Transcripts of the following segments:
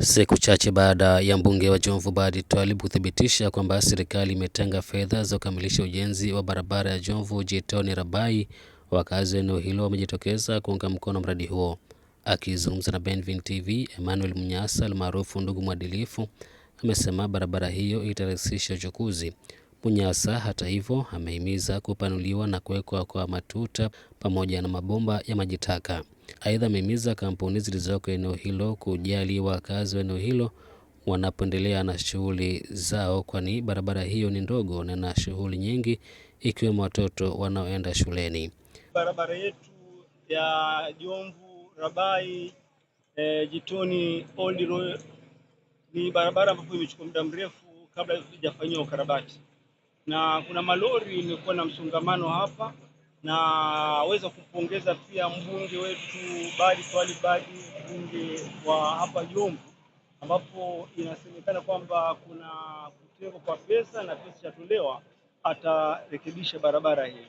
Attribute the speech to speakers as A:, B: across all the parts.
A: Siku chache baada ya mbunge wa Jomvu Badi Twalib kuthibitisha kwamba serikali imetenga fedha za kukamilisha ujenzi wa barabara ya Jomvu Jitoni Rabai, wakazi wa eneo hilo wamejitokeza kuunga mkono mradi huo. Akizungumza na Benvin TV, Emmanuel Mnyasa almaarufu Ndugu Mwadilifu amesema barabara hiyo itarahisisha uchukuzi. Mnyasa hata hivyo amehimiza kupanuliwa na kuwekwa kwa matuta pamoja na mabomba ya maji taka. Aidha amehimiza kampuni zilizoko eneo hilo kujali wakazi wa eneo hilo wanapoendelea na shughuli zao, kwani barabara hiyo ni ndogo na na shughuli nyingi, ikiwemo watoto wanaoenda shuleni.
B: Barabara yetu ya Jomvu Rabai eh, Jitoni Old Road ni barabara ambayo imechukua muda mrefu kabla haijafanyiwa ukarabati, na kuna malori imekuwa na msongamano hapa naweza kumpongeza pia mbunge wetu Badi Swali Badi, mbunge wa hapa Jomvu, ambapo inasemekana kwamba kuna kutengwa kwa pesa na pesa ishatolewa, atarekebisha barabara hii.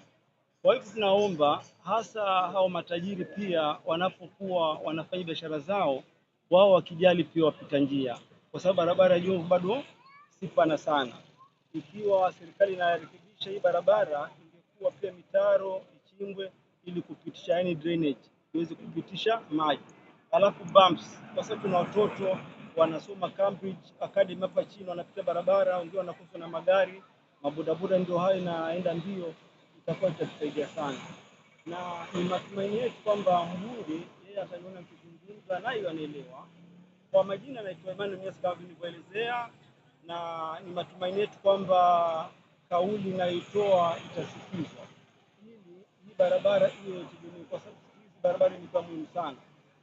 B: Kwa hivyo tunaomba hasa hao matajiri pia wanapokuwa wanafanya biashara zao, wao wakijali pia wapita njia, kwa sababu barabara ya Jomvu bado si pana sana. Ikiwa serikali inarekebisha hii barabara kuwa pia mitaro ichimbwe ili kupitisha yani drainage iweze kupitisha maji. Alafu bumps, kwa sababu tuna watoto wanasoma Cambridge Academy hapa chini, wanapita barabara, wengine wanakufa na magari, mabodaboda ndio hayo naenda mbio, itakuwa itatusaidia sana, na ni matumaini yetu kwamba mbunge yeye ataliona nikizungumza nayo anaelewa. Kwa majina naitwa Emmanuel Myas kama nilivyoelezea, na ni matumaini yetu kwamba kauli naitoa itasikizwa, ili hii barabara iwe tegemei, kwa sababu hizi barabara kwa muhimu sana.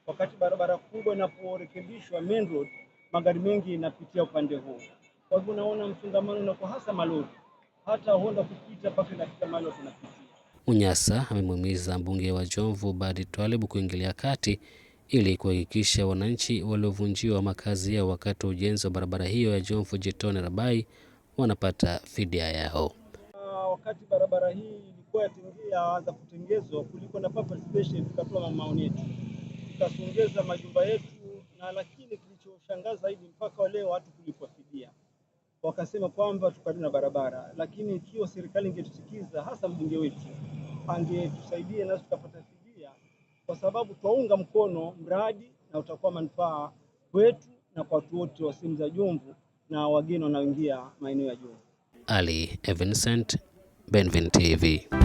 B: Wakati barabara kubwa inaporekebishwa main road, magari mengi inapitia upande huo, kwa hivyo unaona msongamano kwa hasa malori, hata Honda kupita paka inafika mahali watu
A: Unyasa amemhimiza mbunge wa Jomvu Badi Twalib kuingilia kati ili kuhakikisha wananchi waliovunjiwa makazi yao wakati wa ujenzi wa barabara hiyo ya Jomvu Jetone Rabai wanapata fidia yao.
B: Uh, wakati barabara hii ilikuwa za kutengezwa, kulikuwa na purpose station, tukatoa maoni yetu, tukasongeza majumba yetu, na lakini kilichoshangaza zaidi mpaka waleo watu kulipwa fidia, wakasema kwamba tukadi na barabara, lakini ikiwa serikali ingetusikiza, hasa mbunge wetu angetusaidia nasi tukapata fidia, kwa sababu twaunga mkono mradi na utakuwa manufaa kwetu na kwa watu wote wa sehemu za Jomvu na wageni wanaoingia maeneo ya juu.
A: Ali evincent Benvin TV.